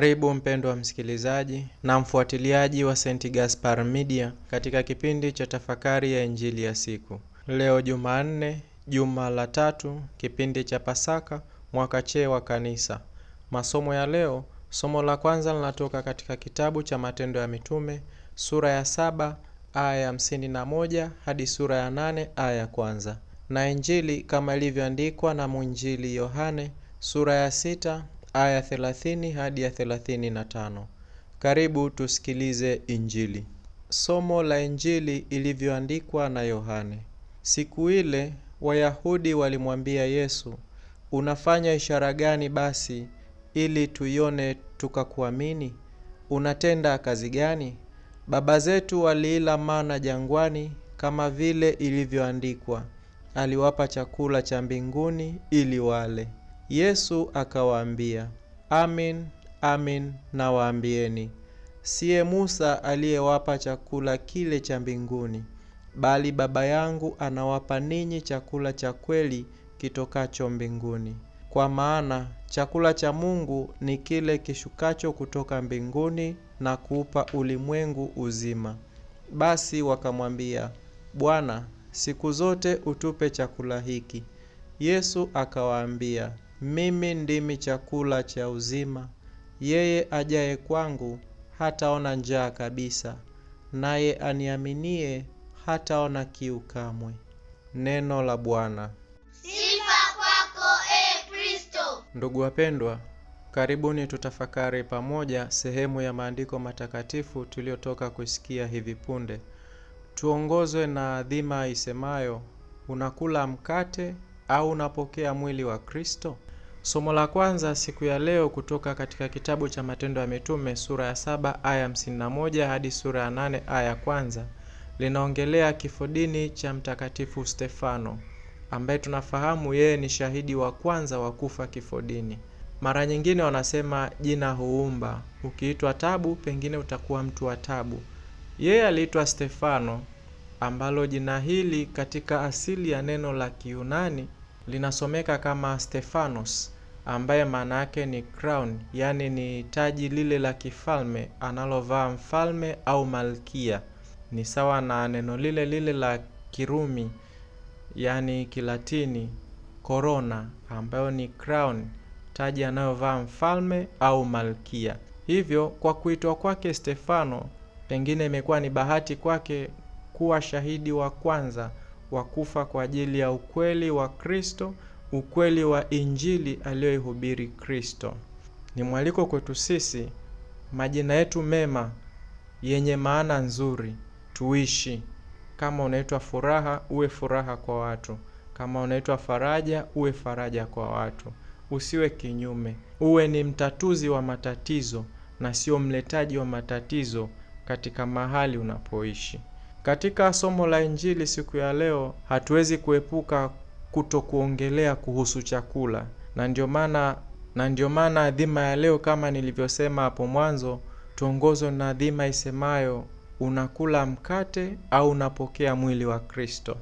Karibu mpendwa msikilizaji na mfuatiliaji wa St. Gaspar Media katika kipindi cha tafakari ya Injili ya siku. Leo Jumanne, juma la tatu, kipindi cha Pasaka, mwaka C wa Kanisa. Masomo ya leo, somo la kwanza linatoka katika kitabu cha Matendo ya Mitume sura ya saba aya ya hamsini na moja hadi sura ya nane aya ya kwanza, na Injili kama ilivyoandikwa na mwinjili Yohane sura ya sita aya 30 hadi ya 35. Karibu tusikilize Injili. Somo la Injili ilivyoandikwa na Yohane. Siku ile Wayahudi walimwambia Yesu, unafanya ishara gani basi ili tuione tukakuamini? Unatenda kazi gani? Baba zetu waliila mana jangwani, kama vile ilivyoandikwa, aliwapa chakula cha mbinguni ili wale. Yesu akawaambia, amin amin nawaambieni, siye Musa aliyewapa chakula kile cha mbinguni, bali Baba yangu anawapa ninyi chakula cha kweli kitokacho mbinguni. Kwa maana chakula cha Mungu ni kile kishukacho kutoka mbinguni na kuupa ulimwengu uzima. Basi wakamwambia, Bwana, siku zote utupe chakula hiki. Yesu akawaambia, mimi ndimi chakula cha uzima, yeye ajaye kwangu hataona njaa kabisa, naye aniaminie hataona kiu kamwe. Neno la Bwana. Sifa kwako e Kristo. Ndugu wapendwa, karibuni tutafakari pamoja sehemu ya maandiko matakatifu tuliyotoka kusikia hivi punde. Tuongozwe na adhima isemayo, unakula mkate au unapokea mwili wa Kristo? Somo la kwanza siku ya leo kutoka katika kitabu cha Matendo ya Mitume sura ya saba aya hamsini na moja hadi sura ya nane aya ya kwanza linaongelea kifodini cha Mtakatifu Stefano ambaye tunafahamu yeye ni shahidi wa kwanza wa kufa kifodini. Mara nyingine wanasema jina huumba, ukiitwa tabu pengine utakuwa mtu wa tabu. Yeye aliitwa Stefano, ambalo jina hili katika asili ya neno la Kiunani linasomeka kama Stefanos ambaye maana yake ni crown, yaani ni taji lile la kifalme analovaa mfalme au malkia. Ni sawa na neno lile lile la Kirumi, yaani Kilatini corona, ambayo ni crown, taji anayovaa mfalme au malkia. Hivyo kwa kuitwa kwake Stefano, pengine imekuwa ni bahati kwake kuwa shahidi wa kwanza wa kufa kwa ajili ya ukweli wa Kristo, ukweli wa Injili aliyoihubiri Kristo. Ni mwaliko kwetu sisi, majina yetu mema yenye maana nzuri tuishi. Kama unaitwa Furaha, uwe furaha kwa watu. Kama unaitwa Faraja, uwe faraja kwa watu. Usiwe kinyume, uwe ni mtatuzi wa matatizo na sio mletaji wa matatizo katika mahali unapoishi. Katika somo la Injili siku ya leo, hatuwezi kuepuka kutokuongelea kuhusu chakula, na ndio maana na ndio maana adhima ya leo, kama nilivyosema hapo mwanzo, tuongozwe na adhima isemayo unakula mkate au unapokea mwili wa Kristo.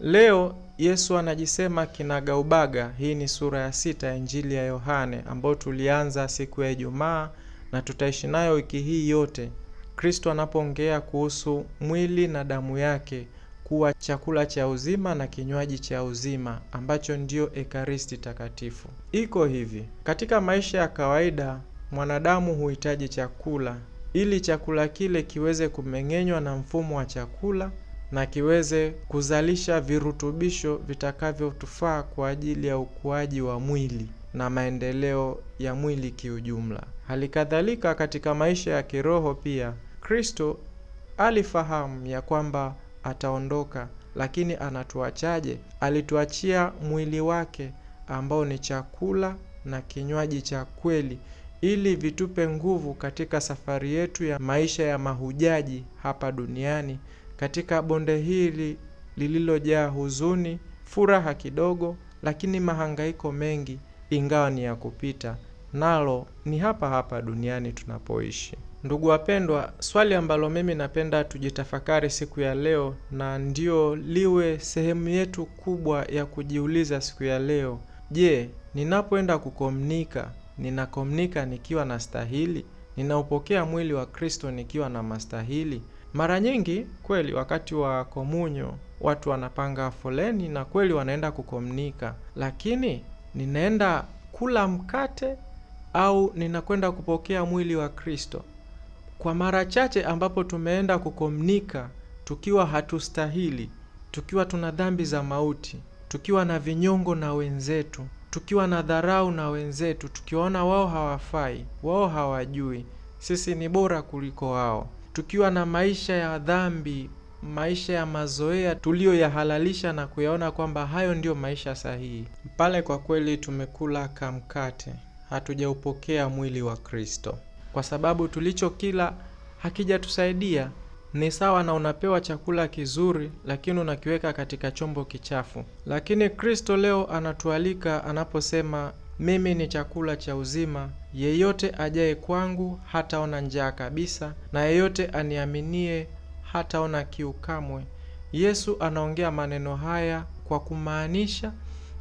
Leo Yesu anajisema kinagaubaga. Hii ni sura ya sita ya Injili ya Yohane ambayo tulianza siku ya Ijumaa na tutaishi nayo wiki hii yote. Kristo anapoongea kuhusu mwili na damu yake kuwa chakula cha uzima na kinywaji cha uzima ambacho ndiyo Ekaristi Takatifu. Iko hivi, katika maisha ya kawaida mwanadamu huhitaji chakula ili chakula kile kiweze kumeng'enywa na mfumo wa chakula na kiweze kuzalisha virutubisho vitakavyotufaa kwa ajili ya ukuaji wa mwili na maendeleo ya mwili kiujumla. Hali kadhalika katika maisha ya kiroho pia Kristo alifahamu ya kwamba ataondoka, lakini anatuachaje? Alituachia mwili wake ambao ni chakula na kinywaji cha kweli, ili vitupe nguvu katika safari yetu ya maisha ya mahujaji hapa duniani, katika bonde hili lililojaa huzuni, furaha kidogo, lakini mahangaiko mengi, ingawa ni ya kupita, nalo ni hapa hapa duniani tunapoishi. Ndugu wapendwa, swali ambalo mimi napenda tujitafakari siku ya leo na ndio liwe sehemu yetu kubwa ya kujiuliza siku ya leo. Je, ninapoenda kukomnika ninakomnika nikiwa na stahili? Ninaupokea mwili wa Kristo nikiwa na mastahili? Mara nyingi kweli, wakati wa komunyo watu wanapanga foleni na kweli wanaenda kukomnika lakini ninaenda kula mkate au ninakwenda kupokea mwili wa Kristo? Kwa mara chache ambapo tumeenda kukomnika tukiwa hatustahili, tukiwa tuna dhambi za mauti, tukiwa na vinyongo na wenzetu, tukiwa na dharau na wenzetu, tukiwaona wao hawafai, wao hawajui, sisi ni bora kuliko wao, tukiwa na maisha ya dhambi, maisha ya mazoea tuliyoyahalalisha na kuyaona kwamba hayo ndiyo maisha sahihi, pale kwa kweli tumekula kamkate, hatujaupokea mwili wa Kristo kwa sababu tulicho kila hakijatusaidia. Ni sawa na unapewa chakula kizuri lakini unakiweka katika chombo kichafu. Lakini Kristo leo anatualika anaposema, mimi ni chakula cha uzima, yeyote ajaye kwangu hataona njaa kabisa, na yeyote aniaminie hataona kiu kamwe. Yesu anaongea maneno haya kwa kumaanisha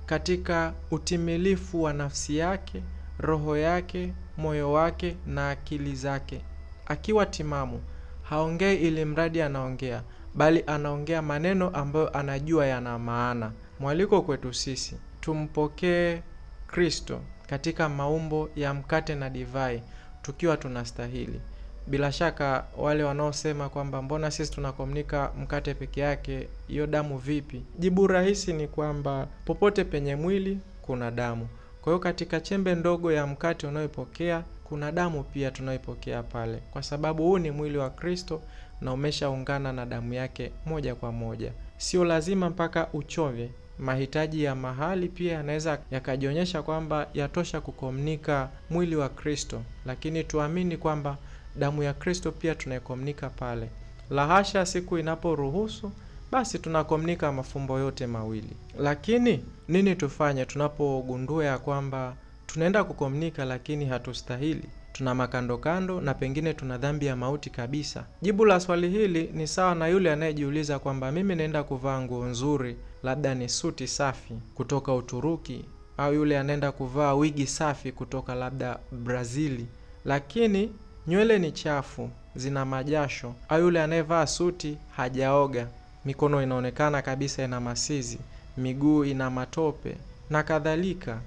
katika utimilifu wa nafsi yake roho yake, moyo wake na akili zake. Akiwa timamu, haongei ili mradi anaongea, bali anaongea maneno ambayo anajua yana maana. Mwaliko kwetu sisi, tumpokee Kristo katika maumbo ya mkate na divai tukiwa tunastahili. Bila shaka wale wanaosema kwamba mbona sisi tunakomunika mkate peke yake, hiyo damu vipi? Jibu rahisi ni kwamba popote penye mwili kuna damu. Kwa hiyo katika chembe ndogo ya mkate unayoipokea kuna damu pia tunayoipokea pale, kwa sababu huu ni mwili wa Kristo na umeshaungana na damu yake moja kwa moja. Sio lazima mpaka uchove. Mahitaji ya mahali pia yanaweza yakajionyesha kwamba yatosha kukomunika mwili wa Kristo, lakini tuamini kwamba damu ya Kristo pia tunaikomnika pale. Lahasha, siku inaporuhusu basi tunakomunika mafumbo yote mawili. Lakini nini tufanye tunapogundua ya kwamba tunaenda kukomunika lakini hatustahili, tuna makandokando na pengine tuna dhambi ya mauti kabisa? Jibu la swali hili ni sawa na yule anayejiuliza kwamba mimi naenda kuvaa nguo nzuri, labda ni suti safi kutoka Uturuki, au yule anaenda kuvaa wigi safi kutoka labda Brazili, lakini nywele ni chafu, zina majasho, au yule anayevaa suti hajaoga mikono inaonekana kabisa ina masizi, miguu ina matope na kadhalika.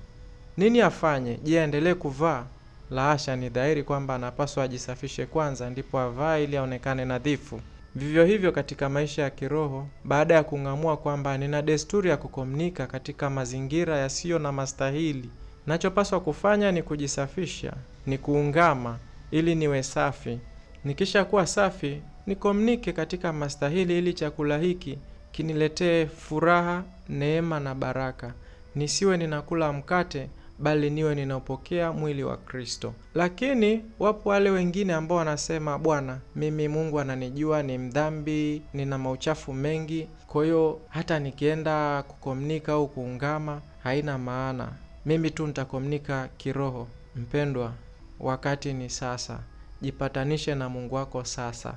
Nini afanye? Je, aendelee kuvaa? La hasha, ni dhahiri kwamba anapaswa ajisafishe kwanza, ndipo avae ili aonekane nadhifu. Vivyo hivyo katika maisha ya kiroho, baada ya kung'amua kwamba nina desturi ya kukomunika katika mazingira yasiyo na mastahili, nachopaswa kufanya ni kujisafisha, ni kuungama ili niwe safi. Nikisha kuwa safi nikomnike katika mastahili, ili chakula hiki kiniletee furaha, neema na baraka, nisiwe ninakula mkate bali niwe ninapokea mwili wa Kristo. Lakini wapo wale wengine ambao wanasema, Bwana, mimi Mungu ananijua ni mdhambi, nina mauchafu mengi, kwa hiyo hata nikienda kukomnika au kuungama haina maana, mimi tu nitakomnika kiroho. Mpendwa, wakati ni sasa, jipatanishe na Mungu wako sasa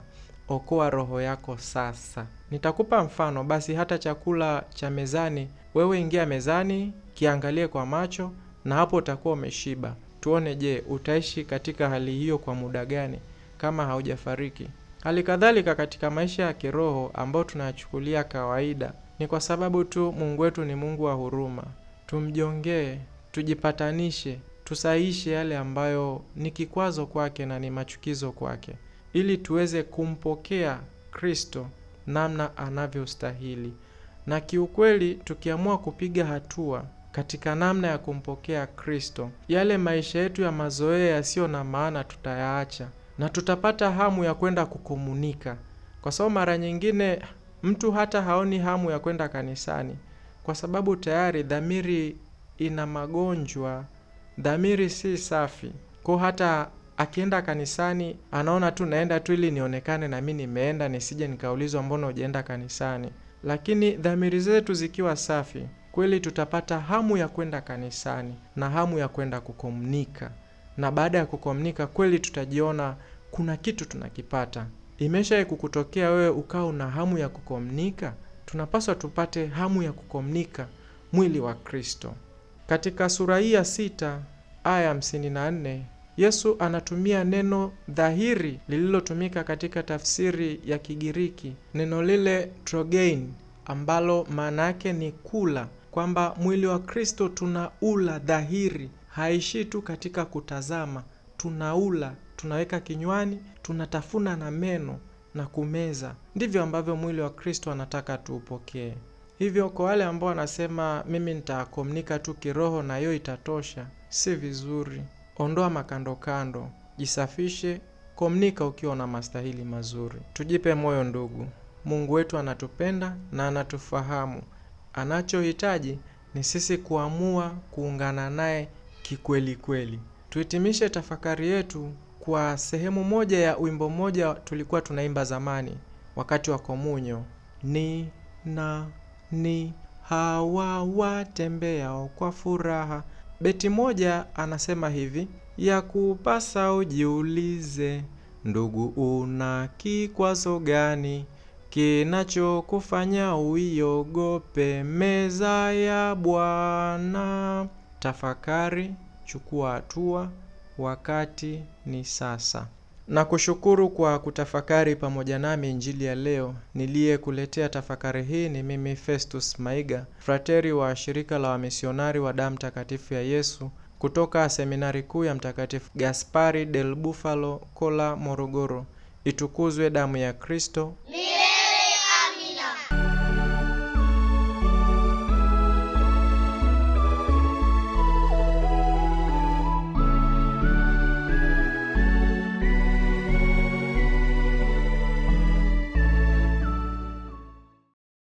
okoa roho yako sasa. Nitakupa mfano basi, hata chakula cha mezani, wewe ingia mezani, kiangalie kwa macho, na hapo utakuwa umeshiba. Tuone, je, utaishi katika hali hiyo kwa muda gani kama haujafariki? Hali kadhalika katika maisha ya kiroho ambayo tunayachukulia kawaida, ni kwa sababu tu Mungu wetu ni Mungu wa huruma. Tumjongee, tujipatanishe, tusahishe yale ambayo ni kikwazo kwake na ni machukizo kwake ili tuweze kumpokea Kristo namna anavyostahili. Na kiukweli tukiamua kupiga hatua katika namna ya kumpokea Kristo, yale maisha yetu ya mazoea yasiyo na maana tutayaacha na tutapata hamu ya kwenda kukomunika kwa sababu mara nyingine mtu hata haoni hamu ya kwenda kanisani kwa sababu tayari dhamiri ina magonjwa, dhamiri si safi, kwa hata akienda kanisani anaona tu naenda tu ili nionekane na mimi nimeenda, nisije nikaulizwa mbona ujaenda kanisani. Lakini dhamiri zetu zikiwa safi, kweli tutapata hamu ya kwenda kanisani na hamu ya kwenda kukomunika, na baada ya kukomunika kweli tutajiona kuna kitu tunakipata. Imeshaye kukutokea wewe ukawa una hamu ya kukomunika? Tunapaswa tupate hamu ya kukomunika mwili wa Kristo. Katika sura hii ya sita aya 54 Yesu anatumia neno dhahiri lililotumika katika tafsiri ya Kigiriki, neno lile trogein, ambalo maana yake ni kula, kwamba mwili wa Kristo tunaula dhahiri, haishii tu katika kutazama, tunaula, tunaweka kinywani, tunatafuna na meno na kumeza. Ndivyo ambavyo mwili wa Kristo anataka tuupokee. Hivyo kwa wale ambao wanasema mimi nitakomunika tu kiroho na hiyo itatosha, si vizuri. Ondoa makandokando, jisafishe, komnika ukiwa na mastahili mazuri. Tujipe moyo ndugu, Mungu wetu anatupenda na anatufahamu. Anachohitaji ni sisi kuamua kuungana naye kikweli kweli. Tuhitimishe tafakari yetu kwa sehemu moja ya wimbo mmoja tulikuwa tunaimba zamani wakati wa komunyo. Ni na ni hawa watembeao kwa furaha Beti moja anasema hivi, ya kupasa ujiulize, ndugu, una kikwazo gani kinachokufanya uiogope meza ya Bwana? Tafakari, chukua hatua, wakati ni sasa na kushukuru kwa kutafakari pamoja nami injili ya leo. Niliyekuletea tafakari hii ni mimi Festus Maiga, frateri wa shirika la wamisionari wa, damu takatifu ya Yesu kutoka seminari kuu ya Mtakatifu Gaspari del Bufalo, Kola, Morogoro. Itukuzwe damu ya Kristo!